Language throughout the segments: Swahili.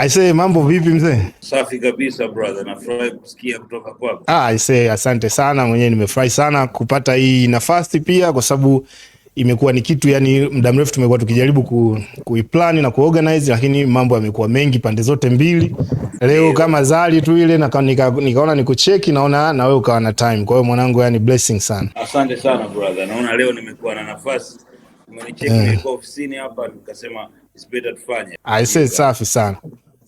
Aisee, mambo vipi mzee? Safi kabisa brother, nafurahi kusikia kutoka kwako. Ah, aisee, asante sana mwenyewe, nimefurahi sana kupata hii nafasi pia, kwa sababu imekuwa ni kitu yani muda mrefu tumekuwa tukijaribu ku, kuiplan na kuorganize, lakini mambo yamekuwa mengi pande zote mbili. Leo yeah, kama zali tu ile na nika, nikaona nikucheki, naona na wewe ukawa na time. Kwa hiyo mwanangu, yani blessing sana. Asante sana brother, naona leo nimekuwa na nafasi, umenicheki yeah. Nilikuwa ofisini hapa nikasema it's better tufanye. I say safi sana.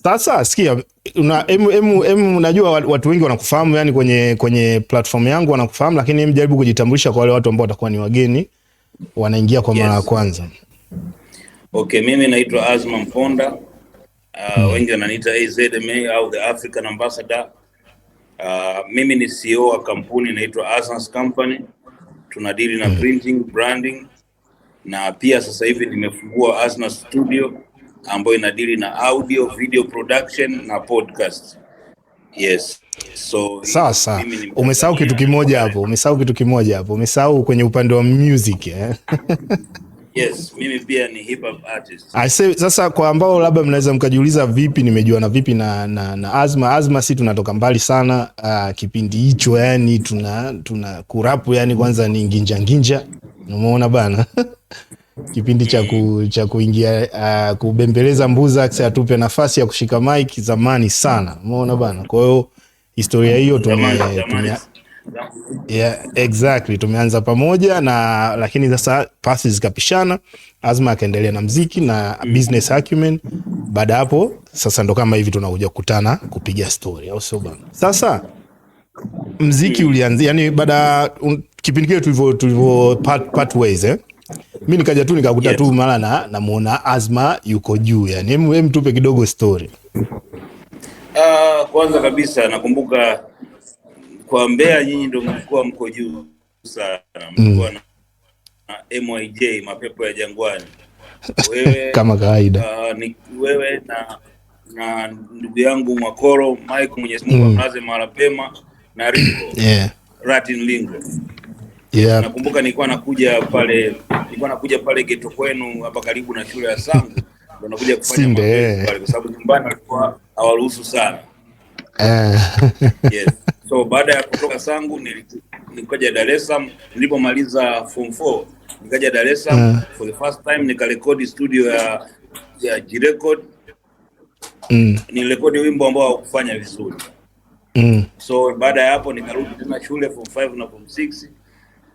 Sasa sikia, una emu, emu, emu, unajua watu wengi wanakufahamu yani kwenye kwenye platform yangu wanakufahamu, lakini em, jaribu kujitambulisha kwa wale watu ambao watakuwa ni wageni wanaingia kwa mara ya kwanza. Okay, mimi naitwa Azma Mponda. Uh, hmm. Wengi wananiita AZMA au the African Ambassador. Uh, mimi ni CEO wa kampuni inaitwa Azans Company. Tunadili na hmm. printing, branding na pia sasa hivi nimefungua Azna Studio ambayo inadili na audio, video production na podcast. Yes. So, sasa umesahau kitu kimoja hapo, umesahau kitu kimoja hapo, umesahau kwenye upande wa music eh? Yes, mimi pia ni hip hop artist. I say, sasa kwa ambao labda mnaweza mkajiuliza vipi nimejua na vipi na, na, na Azma. Azma si tunatoka mbali sana uh, kipindi hicho yani tuna, tuna kurapu yani kwanza ni nginja nginja, umeona bana kipindi cha ku, cha kuingia uh, kubembeleza mbuza Mbuzax atupe nafasi ya kushika mike zamani sana, umeona bana. Kwa hiyo historia hiyo tumia, yeah, exactly tumeanza pamoja na, lakini sasa pasi zikapishana, Azma akaendelea na mziki na business acumen. Baada hapo sasa ndo kama hivi tunakuja kukutana kupiga story, au sio bana? Sasa mziki ulianzia yani, baada kipindi kile tulivyo tulivyo part, part ways eh mi nikaja tu nikakuta yes. tu mara na Azma yuko juu yani, hem, tupe kidogo story. Uh, kwanza kabisa nakumbuka kwa Mbeya nyinyi ndo mlikuwa mko juu sana, mm. mlikuwa mm. na MIJ mapepo ya jangwani wewe, kama kawaida uh, ni, wewe na na ndugu yangu Mwakoro Mike, Mwenyezi Mungu mm. amlaze mm. pema na Ringo yeah. Ratin Lingo yeah. Nakumbuka nilikuwa nakuja pale nilikuwa nakuja pale geto kwenu hapa karibu na shule ya Sangu, ndo nakuja kufanya pale kwa sababu nyumbani alikuwa hawaruhusu sana Eh. yes. So baada ya kutoka Sangu nilikuja Dar es Salaam, nilipomaliza form 4 nikaja Dar es Salaam uh, for the first time nikarekodi studio ya ya G-Record mm. Nilirekodi wimbo ambao haukufanya vizuri mm. So baada ya hapo nikarudi tena shule form 5 na form 6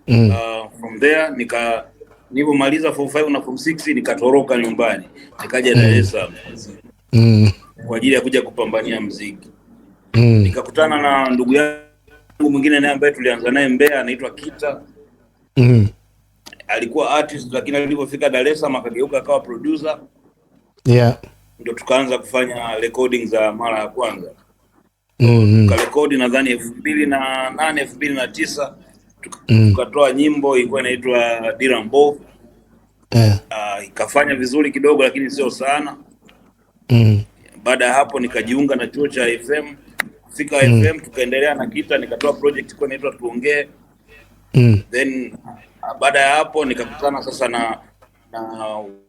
mm. uh, from there nika nilipomaliza form 5 na form 6 nikatoroka nyumbani nikaja mm. Dar es Salaam mm. kwa ajili ya kuja kupambania mziki mm. nikakutana na ndugu yangu mwingine naye ambaye tulianza naye Mbeya anaitwa Kita mm. alikuwa artist lakini alipofika Dar es Salaam akageuka akawa producer yeah ndio tukaanza kufanya recording za mara ya kwanza mm -hmm. tukarekodi nadhani elfu mbili na nane elfu mbili na tisa Mm. tukatoa mm. nyimbo ilikuwa inaitwa Dira Mbovu yeah. Eh. Uh, ikafanya vizuri kidogo, lakini sio sana mm. Baada ya hapo nikajiunga na chuo cha FM fika mm. FM tukaendelea na kita, nikatoa project ilikuwa inaitwa Tuongee mm. Then ah, baada ya hapo nikakutana sasa na na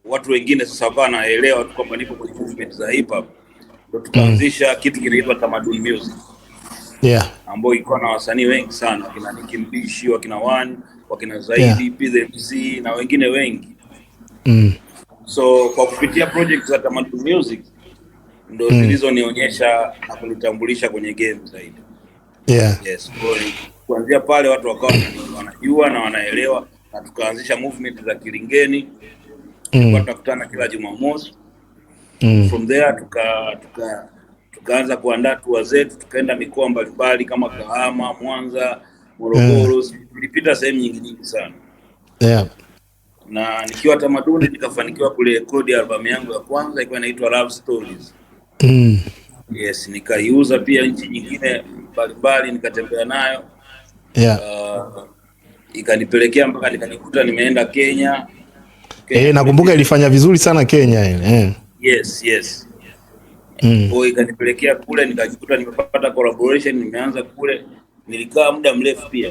watu wengine sasa wakawa naelewa tu kwamba nipo kwenye movement za hip hop, ndo tukaanzisha mm. kitu kinaitwa Tamaduni Music yeah, ambayo ilikuwa na wasanii wengi sana, wakina Nicki Mbishi, wakina One, wakina Zaidi, yeah, na wengine wengi mm. So kwa kupitia project za Tamatu Music ndo mm. zilizonionyesha na kunitambulisha kwenye game zaidi. Yeah. Yes, kuanzia pale watu wakawa wanajua na wanaelewa na tukaanzisha movement za Kilingeni mm. tunakutana kila Jumamosi mm. from there tuka tuka tukaanza kuandaa tua zetu, tukaenda mikoa mbalimbali kama Kahama, Mwanza, Morogoro, tulipita yeah. sehemu nyingi nyingi sana yeah. na nikiwa tamaduni nikafanikiwa kurekodi albamu yangu ya kwanza ikiwa inaitwa Love Stories mm. Yes, nikaiuza pia nchi nyingine mbalimbali, nikatembea nayo yeah. Uh, ikanipelekea mpaka nikanikuta nimeenda Kenya, Kenya. Eh, nakumbuka ilifanya vizuri sana Kenya ile eh. Yes, yes mm. Kwa ikanipelekea kule nikajikuta nimepata collaboration, nimeanza kule, nilikaa muda mrefu pia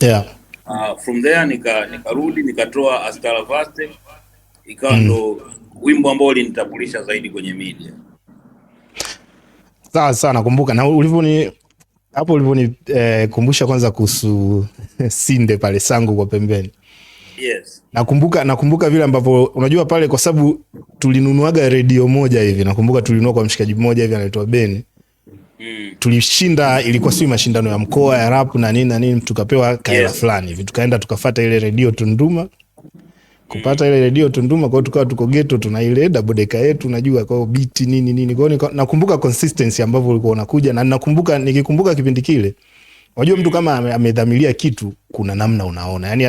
yeah. Uh, from there nika nikarudi nikatoa Astara Vaste ikawa mm. ndo mm. wimbo ambao ulinitambulisha zaidi kwenye media. Sawa sana, kumbuka na ulivyoni hapo ulivyonikumbusha eh, kwanza kuhusu Sinde pale sangu kwa pembeni Yes. Nakumbuka nakumbuka vile ambavyo unajua pale kwa sababu tulinunuaga redio moja hivi. Nakumbuka tulinunua kwa mshikaji mmoja hivi anaitwa Ben. Mm. Tulishinda, ilikuwa si mashindano ya mkoa ya rap na nini na nini, tukapewa kaela yes, fulani hivi tukaenda tukafata ile redio Tunduma kupata mm. ile redio Tunduma. Kwa hiyo tukawa tuko geto, tuna ile double deka yetu, unajua, kwa hiyo beat nini nini. Kwa hiyo nakumbuka consistency ambavyo ulikuwa unakuja, na nakumbuka nikikumbuka kipindi kile, unajua mm. mtu kama amedhamiria kitu, kuna namna unaona, yani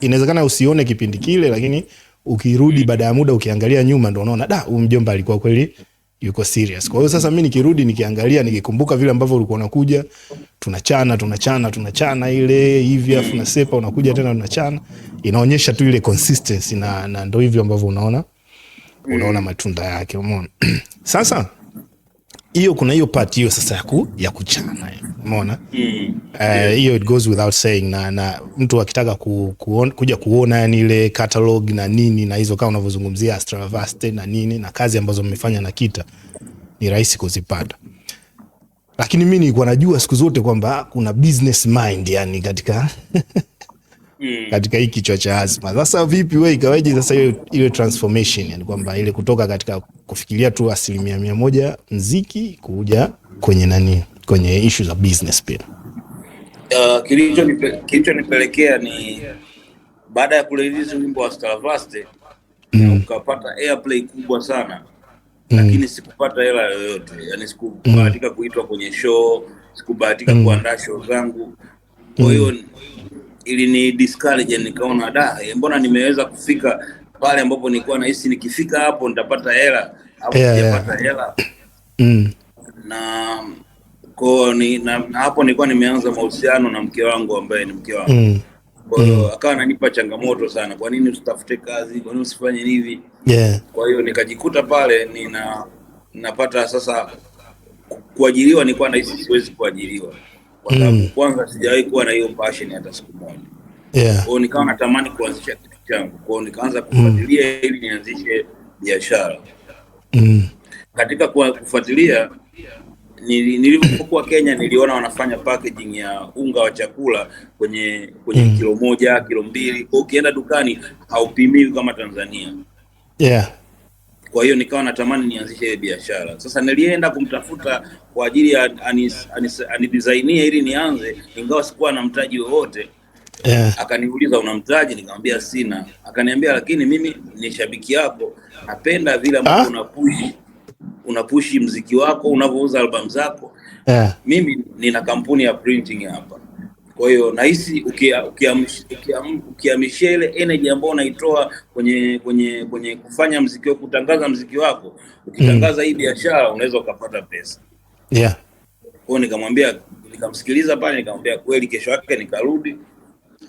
inawezekana usione kipindi kile, lakini ukirudi baada ya muda ukiangalia nyuma, ndo unaona da, huyu mjomba alikuwa kweli yuko serious. Kwa hiyo sasa mimi nikirudi nikiangalia nikikumbuka vile ambavyo ulikuwa unakuja tunachana tunachana tunachana ile hivi afu na sepa unakuja tena tunachana, inaonyesha tu ile consistency na, na ndo hivyo ambavyo unaona unaona matunda yake, umeona sasa hiyo kuna hiyo part hiyo sasa ya, ku, ya kuchana umeona hiyo, eh, uh, it goes without saying, na, na mtu akitaka ku, kuon, kuja kuona yani ile catalog na nini na hizo kama unavyozungumzia Astravaste na nini na kazi ambazo mmefanya na Kita ni rahisi kuzipata, lakini mi nilikuwa najua siku zote kwamba kuna business mind yani katika Mm. katika hii kichwa cha azma. Sasa vipi wewe, ikaweje sasa ile ile transformation, yani kwamba ile kutoka katika kufikiria tu asilimia mia moja mziki kuja kwenye nani, kwenye issue za business pia? Uh, kilichonipelekea kilicho ni baada ya kurelease wimbo wa Starvaste mm. ukapata airplay kubwa sana mm. lakini sikupata hela yoyote, yani sikubahatika mm. kuitwa kwenye show, sikubahatika mm. kuandaa show zangu, kwa hiyo mm ili ni discourage, nikaona da, eh, mbona nimeweza kufika pale ambapo nilikuwa nahisi nikifika hapo nitapata hela au nitapata hela mm. na kwa ni, na, na hapo nilikuwa nimeanza mahusiano na mke wangu ambaye ni mke wangu mm. Kwa hiyo mm. akawa ananipa changamoto sana, kwa nini usitafute kazi, kwa nini usifanye hivi yeah. Kwa hiyo nikajikuta pale nina napata sasa kuajiriwa, nilikuwa nahisi siwezi kuajiriwa kwa sababu mm. kwanza sijawahi kuwa na hiyo passion hata siku moja yeah. kwao nikawa natamani kuanzisha kitu changu kwao nikaanza mm. kufuatilia mm. ili nianzishe biashara mm. katika kwa kufuatilia nilipokuwa Kenya niliona wanafanya packaging ya unga wa chakula kwenye kwenye mm. kilo moja kilo mbili kwao ukienda dukani haupimiwi kama Tanzania yeah kwa hiyo nikawa natamani nianzishe ile biashara. Sasa nilienda kumtafuta kwa ajili ya anidesignie ili nianze, ingawa sikuwa na mtaji wowote. Yeah. Akaniuliza, una mtaji? Nikamwambia sina. Akaniambia, lakini mimi ni shabiki yako, napenda vile ambavyo ah. unapushi unapushi mziki wako unavyouza albamu zako. Yeah. Mimi nina kampuni ya printing hapa kwa hiyo nahisi ukiamishia ile energy ambayo unaitoa kwenye kwenye kwenye kufanya mziki wako, kutangaza mziki wako, ukitangaza mm. hii biashara unaweza ukapata pesa yeah. Kwa hiyo nikamwambia, nikamsikiliza pale, nikamwambia kweli. Kesho yake nikarudi,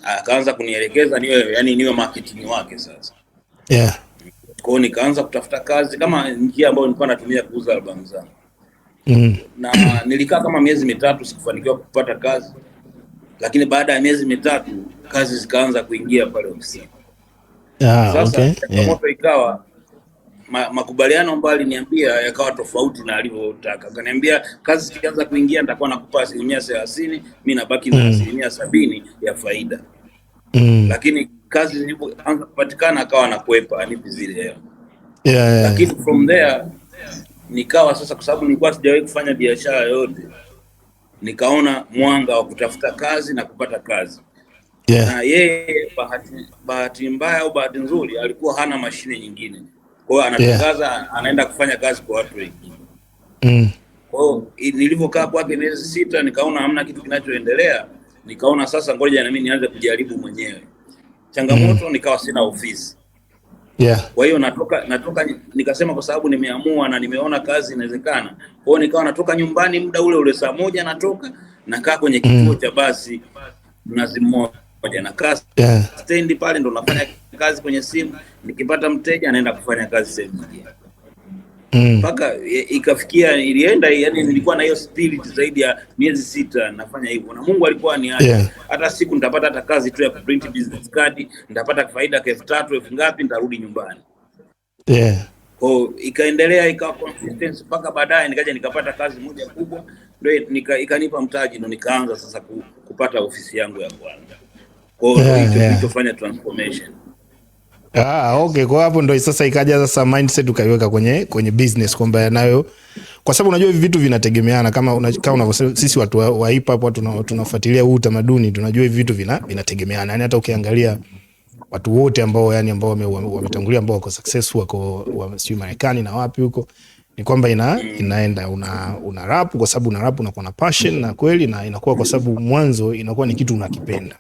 akaanza kunielekeza niwe, yani niwe marketing wake sasa yeah. Kwa hiyo nikaanza kutafuta kazi kama njia ambayo nilikuwa natumia kuuza albamu zangu mm. na nilikaa kama miezi mitatu sikufanikiwa kupata kazi lakini baada ya miezi mitatu kazi zikaanza kuingia pale ofisini. Ah, sasa okay. Changamoto yeah. Ikawa ma, makubaliano ambayo aliniambia yakawa tofauti na alivyotaka. Akaniambia kazi zikianza kuingia nitakuwa nakupa asilimia thelathini, mi nabaki na mm. asilimia mm. sabini ya faida mm. lakini kazi zilipoanza kupatikana akawa nakwepa anipi zile hela yeah, yeah. Lakini from there nikawa sasa, kwa sababu nilikuwa sijawahi kufanya biashara yoyote nikaona mwanga wa kutafuta kazi na kupata kazi yeah. Na yeye bahati, bahati mbaya au bahati nzuri alikuwa hana mashine nyingine, kwa hiyo anatangaza yeah. Anaenda kufanya kazi kwa watu wengine mm. Kwa hiyo nilivyokaa kwake miezi sita, nikaona hamna kitu kinachoendelea, nikaona sasa, ngoja na mimi nianze kujaribu mwenyewe changamoto mm. Nikawa sina ofisi Yeah. Kwa hiyo natoka natoka nikasema kwa sababu nimeamua na nimeona kazi inawezekana. Kwa hiyo nikawa natoka nyumbani muda ule ule saa moja natoka nakaa kwenye mm. kituo cha basi Mnazi Mmoja nakaa yeah. Stendi pale ndo nafanya kazi kwenye simu, nikipata mteja anaenda kufanya kazi sehemu nyingine. Mm. mpaka mm. ikafikia ilienda, yani nilikuwa na hiyo spirit zaidi ya miezi sita nafanya hivyo, na Mungu alikuwa ni hata yeah. siku nitapata hata kazi tu ya print business card nitapata faida kwa elfu tatu elfu ngapi, nitarudi nyumbani yeah. Kwa ikaendelea ikawa consistency mpaka baadaye nikaja nikapata kazi moja kubwa, ndio nika, ikanipa mtaji, ndio nikaanza sasa kupata ofisi yangu ya kwanza. Kwa hiyo yeah, yeah. transformation Ah, okay, kwa hapo ndo sasa ikaja sasa mindset ukaiweka kwenye kwenye business kwamba nayo kwa sababu unajua hivi vitu vinategemeana kama una, kama unavyosema sisi watu wa, wa hip hop watu tunafuatilia huu utamaduni tunajua hivi vitu vina vinategemeana. Yaani hata ukiangalia watu wote ambao yani ambao wametangulia ambao wako successful wako wa, sio Marekani na wapi huko ni kwamba ina, inaenda una, una rap kwa sababu una rap unakuwa na passion na kweli na inakuwa kwa sababu mwanzo inakuwa ni kitu unakipenda.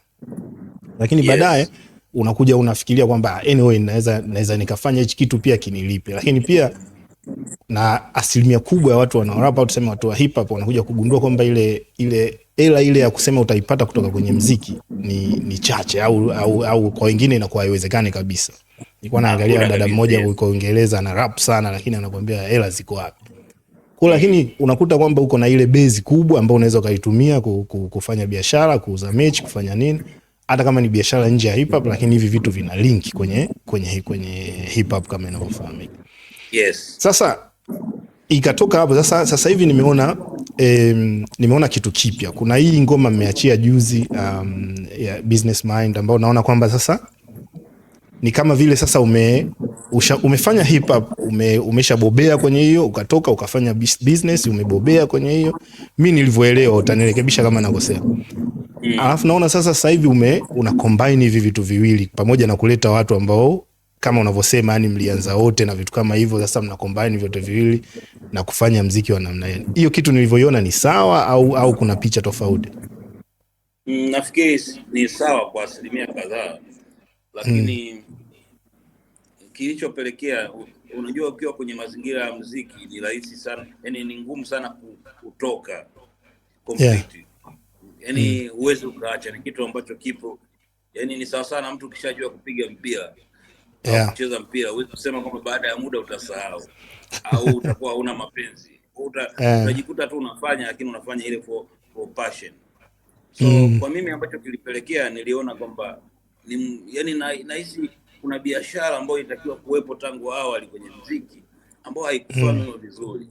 Lakini yes. baadaye unakuja unafikiria kwamba anyway, naweza naweza nikafanya hichi kitu pia kinilipe, lakini pia na asilimia kubwa ya watu wanaorap au tuseme watu wa hip hop wanakuja kugundua kwamba ile ile hela ile ya kusema utaipata kutoka kwenye mziki ni, ni chache au, au, au kwa wengine inakuwa haiwezekani kabisa. Nilikuwa naangalia na dada mmoja uko Uingereza na rap sana, lakini anakuambia hela ziko wapi kwa, lakini unakuta kwamba uko na ile bezi kubwa ambayo unaweza ukaitumia kufanya biashara, kuuza mechi, kufanya nini hata kama ni biashara nje ya hip hop, mm-hmm. lakini hivi vitu vina link kwenye, kwenye, kwenye hip hop kama inavyofahamika. Yes. Sasa ikatoka hapo sasa, sasa hivi nimeona eh, nimeona kitu kipya. Kuna hii ngoma mmeachia juzi um, ya Business Mind ambao naona kwamba sasa ni kama vile sasa ume, usha, umefanya hip hop ume, umeshabobea kwenye hiyo ukatoka ukafanya business umebobea kwenye hiyo. Mi nilivyoelewa, utanirekebisha kama nakosea, mm. Alafu naona sasa sasa hivi ume una combine hivi vitu viwili pamoja na kuleta watu ambao kama unavyosema yani mlianza wote na vitu kama hivyo, sasa mna combine vyote viwili na kufanya mziki wa namna hiyo. Hiyo kitu nilivyoiona ni sawa au au kuna picha tofauti? Mm, nafikiri ni sawa kwa asilimia kadhaa, lakini mm. kilichopelekea unajua, ukiwa kwenye mazingira ya mziki ni rahisi sana, yani ni ngumu sana kutoka completely yeah yani mm. huwezi ukaacha, ni kitu ambacho kipo, yani ni sawa sana mtu kishajua kupiga mpira yeah. au kucheza mpira, huwezi kusema kwamba baada ya muda utasahau au utakuwa hauna mapenzi uta, yeah. utajikuta tu unafanya, lakini unafanya ile for, for passion. So mm. kwa mimi ambacho kilipelekea niliona kwamba ni, yani nahisi na kuna biashara ambayo itakiwa kuwepo tangu awali kwenye mziki ambayo haikufanywa mm. vizuri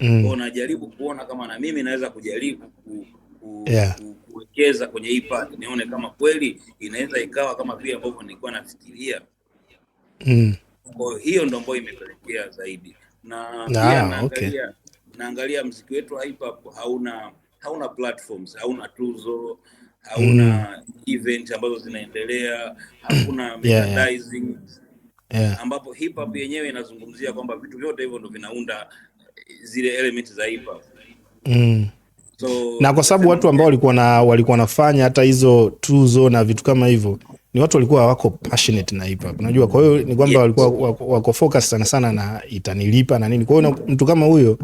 mm. najaribu kuona kama na mimi naweza kujaribu ku, ku, yeah. ku, kuwekeza kwenye hii pati nione kama kweli inaweza ikawa kama vile ambavyo nilikuwa nafikiria mm. Kwa hiyo ndo ambayo imepelekea zaidi na ah, naangalia okay. Naangalia mziki wetu wa hip hop hauna hauna platforms, hauna tuzo hauna mm. event ambazo zinaendelea, hakuna merchandising yeah, yeah. yeah. ambapo hip hop yenyewe inazungumzia kwamba vitu vyote hivyo ndo vinaunda eh, zile elementi za hip hop mm. So, na kwa sababu watu ambao walikuwa na walikuwa nafanya hata hizo tuzo na vitu kama hivyo ni watu walikuwa wako passionate na hip hop, unajua. Kwa hiyo ni kwamba walikuwa wako, wako focus sana sana na itanilipa na nini. Kwa hiyo mtu kama huyo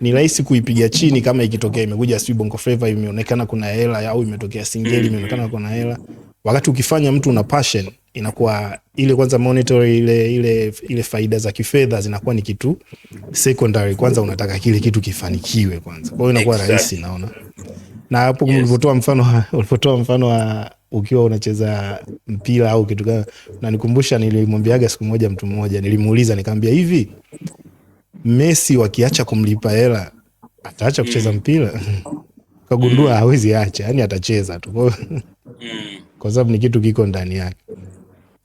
ni rahisi kuipiga chini, kama ikitokea imekuja si Bongo Flava imeonekana kuna hela, au imetokea singeli imeonekana kuna hela, wakati ukifanya mtu una passion inakuwa ile kwanza monitor ile, ile, ile faida za kifedha zinakuwa ni kitu secondary. Kwanza unataka kile kitu kifanikiwe kwanza, kwa hiyo inakuwa exactly. rahisi naona na hapo yes. Ulipotoa mfano ulipotoa mfano wa ukiwa unacheza mpira au kitu kama, nanikumbusha nilimwambiaga siku moja mtu mmoja, nilimuuliza nikamwambia, hivi Messi wakiacha kumlipa hela ataacha kucheza mm. mpira? Kagundua mm. hawezi acha, yani atacheza tu mm. kwa sababu ni kitu kiko ndani yake.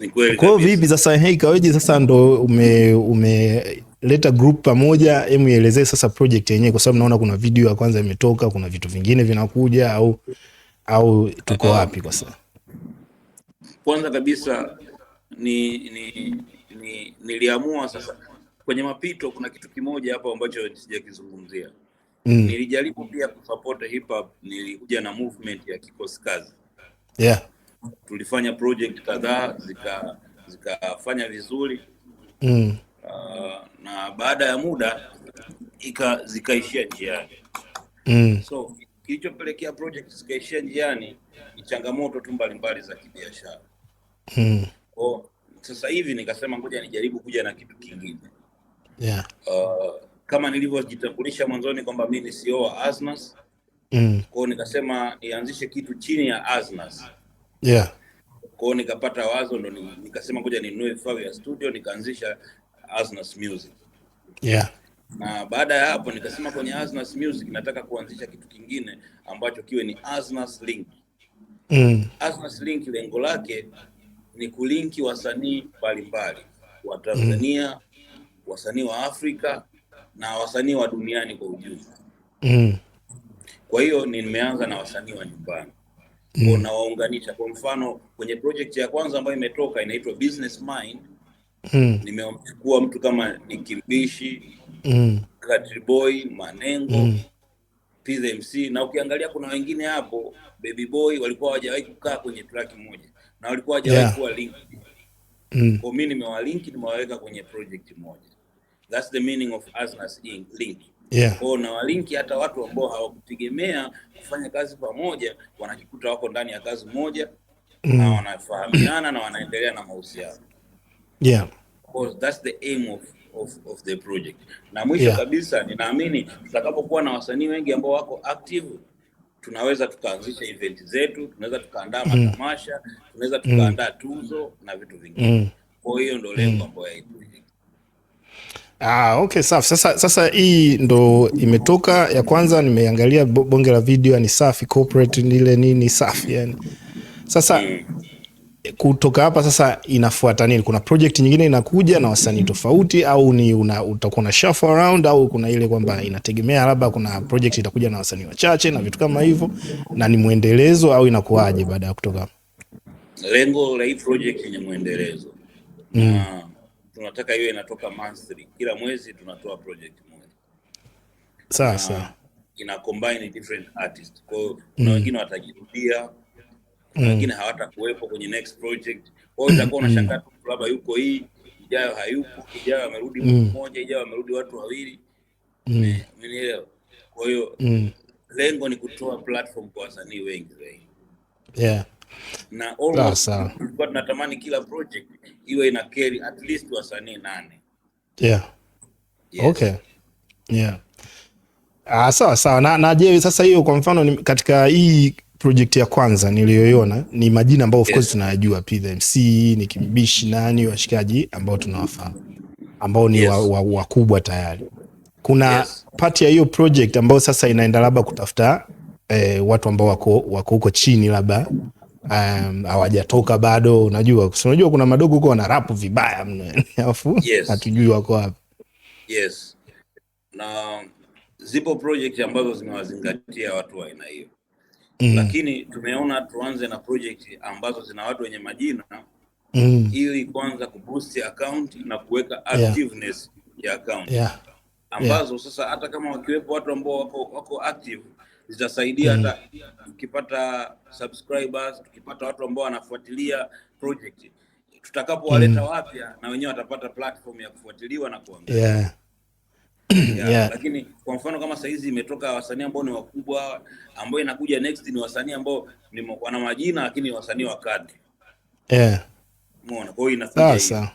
Kwa hiyo vipi sasa, hei sasa ndo ume umeleta group pamoja, hebu ielezee sasa project yenyewe, kwa sababu naona kuna video ya kwanza imetoka, kuna vitu vingine vinakuja, au au tuko ah, ah. wapi kwa sasa? Kwanza kabisa ni, ni, ni niliamua sasa kwenye mapito, kuna kitu kimoja hapo ambacho sijakizungumzia. Mm. Nilijaribu pia kusupport hip hop, nilikuja na movement ya kikosi kazi. Yeah tulifanya project kadhaa zika zikafanya vizuri mm. Uh, na baada ya muda ika zikaishia njiani mm. So kilichopelekea project zikaishia njiani ni changamoto tu mbalimbali za kibiashara mm. So, sasa hivi nikasema ngoja nijaribu kuja na kitu kingine yeah. Uh, kama nilivyojitambulisha mwanzoni kwamba mi ni sio e wa asnas mm. Kwao nikasema nianzishe kitu chini ya asnas yeah. Kwao nikapata wazo ndo nikasema ngoja ninunue vifaa vya studio, nikaanzisha Asnas Music yeah. Na baada ya hapo nikasema kwenye Asnas Music nataka kuanzisha kitu kingine ambacho kiwe ni Asnas Link. Mm. Asnas Link lengo lake ni kulinki wasanii mbalimbali wa Tanzania mm. wasanii wa Afrika na wasanii wa duniani kwa ujumla mm. Kwa hiyo nimeanza na wasanii wa nyumbani mm. unawaunganisha. Kwa mfano kwenye project ya kwanza ambayo imetoka inaitwa Business Mind mm. nimekuwa mtu kama Nikimbishi mm. Kadri Boy, Manengo mm. PMC na ukiangalia kuna wengine hapo Baby Boy walikuwa hawajawahi kukaa kwenye track moja na walikuwa hawajawahi yeah. kuwa link mm. kwa mimi nimewalinki nimewaweka kwenye project moja, that's the meaning of Asnas link yeah. Kwao na walinki hata watu ambao hawakutegemea kufanya kazi pamoja wanajikuta wako ndani ya kazi moja mm. na wanafahamiana na wanaendelea na mahusiano yeah. that's the aim of, of, of the project. Na mwisho yeah. kabisa ninaamini tutakapokuwa na wasanii wengi ambao wako active tunaweza tukaanzisha event zetu, tunaweza tukaandaa mm. matamasha, tunaweza tukaandaa mm. tuzo na vitu vingine mm. kwa hiyo ndio lengo mm. ambayo Ah, okay, safi. Sasa sasa hii ndo imetoka ya kwanza, nimeangalia bonge la video ni safi corporate ile nini safi yani. Sasa kutoka hapa sasa inafuata nini? Kuna project nyingine inakuja na wasanii tofauti au ni una, utakuwa na shuffle around au kuna ile kwamba inategemea labda kuna project itakuja na wasanii wachache na vitu kama hivyo na ni mwendelezo au inakuwaje baada ya kutoka Lengo la hii project ni mwendelezo. Mm. Na tunataka hiyo inatoka monthly, kila mwezi tunatoa project moja. Sasa ina combine different artists, kwa hiyo kuna mm. wengine watajirudia, kuna mm. wengine hawatakuwepo kwenye next project. Kwa hiyo utakuwa mm. unashangaa tu, labda yuko hii ijayo, hayupo ijayo, amerudi mtu mmoja, ijayo amerudi watu wawili, eh, umenielewa? Kwa hiyo lengo ni kutoa platform kwa wasanii wengi zaidi, yeah na almost tulikuwa tunatamani kila project iwe ina carry at least wasanii nane. Yeah. Yes. Okay. Yeah. Ah, sawa sawa. Na, na je, sasa hiyo kwa mfano katika hii project ya kwanza niliyoiona ni majina ambayo of course tunayajua yes. P the MC, Nicki Mbishi nani washikaji ambao tunawafahamu ambao ni yes. wakubwa wa, wa tayari kuna yes. part ya hiyo project ambayo sasa inaenda labda kutafuta eh, watu ambao wako wako huko chini labda Um, hawajatoka um, bado. Unajua, unajua kuna madogo huko wana rap vibaya mno, alafu yes. hatujui wako wapi. Yes, na zipo project ambazo zimewazingatia watu wa aina hiyo mm. Lakini tumeona tuanze na project ambazo zina watu wenye majina mm. ili kwanza kuboost account na kuweka activeness yeah. ya account yeah. ambazo yeah. sasa hata kama wakiwepo watu ambao wako, wako active zitasaidia mm. hata mm. tukipata subscribers, tukipata watu ambao wanafuatilia project tutakapowaleta mm. wapya na wenyewe watapata platform ya kufuatiliwa na kuangalia yeah. Yeah, yeah. Lakini kwa mfano kama saizi imetoka wasanii ambao ni wakubwa ambao inakuja next ni wasanii ambao ni wana majina lakini wasanii wa kadri. Yeah. Umeona? Kwa hiyo inakuja. Sasa.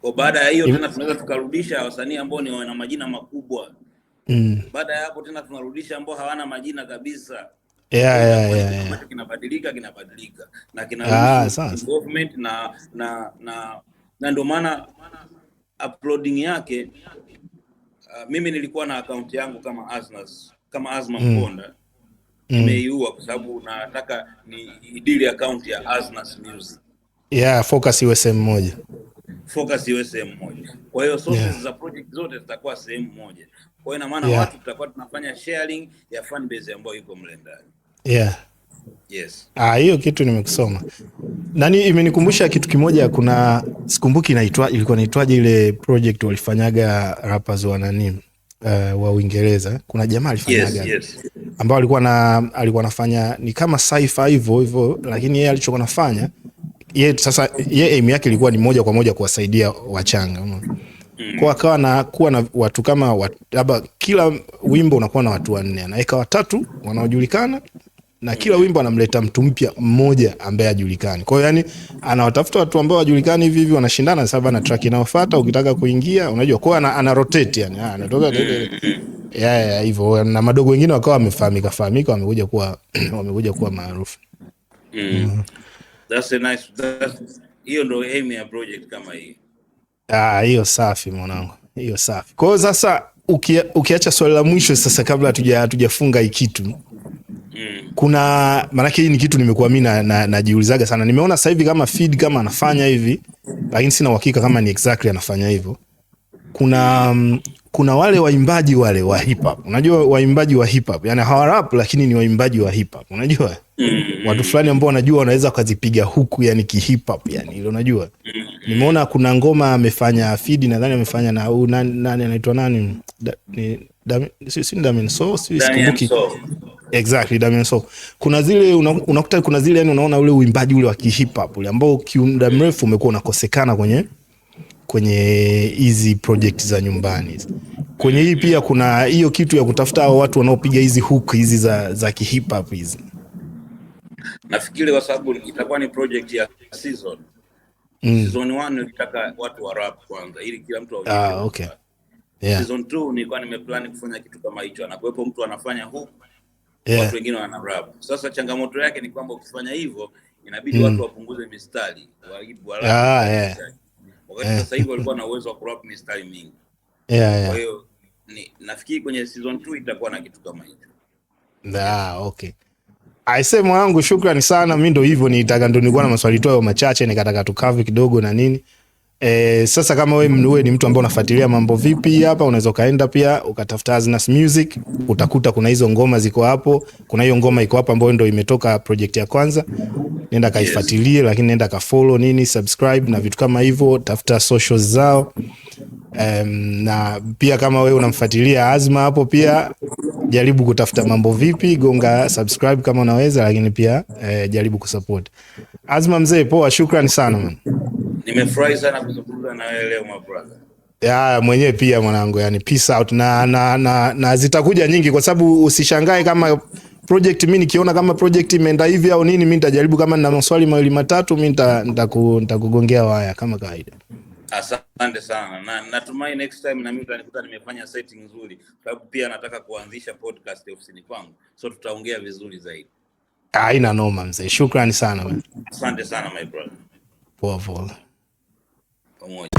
Kwa baada ya hiyo tena tunaweza tukarudisha wasanii ambao ni wana majina makubwa mm. Baada ya hapo tena tunarudisha ambao hawana majina kabisa yeah, yeah, yeah, yeah. kinabadilika kinabadilika na kina ah, government na na na, na ndio maana uploading yake uh, mimi nilikuwa na account yangu kama Aznas, kama Azma mm. Mponda mm. Nimeiua kwa sababu nataka ni deal account ya Aznas Music. Yeah, Focus iwe USM moja. Focus iwe USM moja. Kwa hiyo sources yeah, za project zote zitakuwa sehemu moja. Kwa hiyo ina maana yeah. watu tutakuwa tunafanya sharing ya fan base ambayo iko mle ndani. Yeah. Yes. Ah, hiyo kitu nimekusoma. Nani imenikumbusha kitu kimoja, kuna sikumbuki inaitwa ilikuwa inaitwaje ile project walifanyaga rappers wa nani uh, wa Uingereza. Kuna jamaa alifanyaga. Yes, yes. Ambao alikuwa na alikuwa anafanya ni kama sci-fi hivyo hivyo, lakini yeye alichokuwa anafanya yeye sasa, yeye aim yake ilikuwa ni moja kwa moja kuwasaidia wachanga. mm. Mm. Kwa akawa na kuwa na watu kama labda kila wimbo unakuwa na watu wanne, anaweka watatu wanaojulikana na kila mm. wimbo anamleta mtu mpya mmoja ambaye ajulikani. Kwa hiyo yani anawatafuta watu ambao wajulikani hivi hivi wanashindana sasa na track inayofuata ukitaka kuingia unajua kwa ana, ana rotate yani ah, anatoka ya mm. ya hivyo na madogo wengine wakawa wamefahamika fahamika wamekuja kuwa wamekuja kuwa maarufu. Mm. Mm. That's a nice that's hiyo ndio aim ya project kama hii. Ah, hiyo safi mwanangu, hiyo safi. Kwa hiyo sasa ukia, ukiacha swali la mwisho sasa, kabla hatujafunga hii kitu mm. kuna maanake hii ni kitu nimekuwa mi najiulizaga na, na sana. Nimeona sasa hivi kama feed kama anafanya hivi, lakini sina uhakika kama ni exactly anafanya hivyo. Kuna mm, kuna wale waimbaji wale wa hip hop, unajua waimbaji wa hip hop yani rap lakini ni waimbaji wa hip hop, unajua mm. watu fulani ambao wanajua wanaweza wakazipiga huku yani ki hip hop yani, ile unajua mm. Nimeona kuna ngoma amefanya Fidi, nadhani amefanya na huu nani, nani anaitwa nani, si ni Damien Soul, si sikumbuki exactly Damien Soul. Kuna zile unakuta, kuna zile yani, unaona ule uimbaji ule wa hip hop ule ambao kimuda mrefu umekuwa unakosekana kwenye kwenye hizi project za nyumbani. Kwenye hii pia kuna hiyo kitu ya kutafuta hao watu wanaopiga hizi hook hizi za za hip hop hizi. Nafikiri kwa sababu itakuwa ni project ya season Mm. Season 1 nilitaka watu wa rap kwanza ili kila mtu aujue. Ah, okay. Yeah. Season 2 nilikuwa nimeplan kufanya kitu kama hicho. Anakuwepo mtu anafanya hook, yeah. Watu wengine wana rap. Sasa changamoto yake ni kwamba ukifanya hivyo inabidi mm. watu wapunguze mistari, waibu wa rap. Ah, yeah. Wakati yeah. Sasa hivi walikuwa na uwezo wa kurap mistari mingi. Yeah, yeah. Kwa hiyo nafikiri kwenye season 2 itakuwa na kitu kama hicho. Ah, okay. Aise mwanangu, shukrani sana. Mimi ndo hivyo nitaka ndo nilikuwa na maswali tu machache nikataka tukavi kidogo na nini. E, sasa kama we mnuwe ni mtu ambaye unafuatilia mambo vipi hapa, unaweza ukaenda pia ukatafuta Aznas Music, utakuta kuna hizo ngoma ziko hapo. Kuna hiyo ngoma iko hapo ambayo ndo imetoka project ya kwanza, nenda kaifuatilie, lakini nenda ka follow nini, subscribe na vitu kama hivyo, tafuta socials zao. Um, na pia kama wewe unamfuatilia Azma hapo pia jaribu kutafuta mambo vipi, gonga subscribe kama unaweza, lakini pia eh, jaribu kusupport. Azma mzee, poa, shukrani sana man. Nimefurahi sana kuzungumza na wewe leo my brother. Ya, mwenyewe pia mwanangu, yani peace out na, na, na, na zitakuja nyingi, kwa sababu usishangae kama project mimi nikiona kama project imeenda hivi au nini, mimi nitajaribu kama na maswali mawili matatu, mimi nitakugongea waya kama kawaida. Asante sana na natumai next time na mimi utanikuta nimefanya setting nzuri, sababu pia nataka kuanzisha podcast ofisini kwangu, so tutaongea vizuri zaidi. Aina noma mzee, shukrani sana man. Asante sana my brother. Poa poa. Pamoja.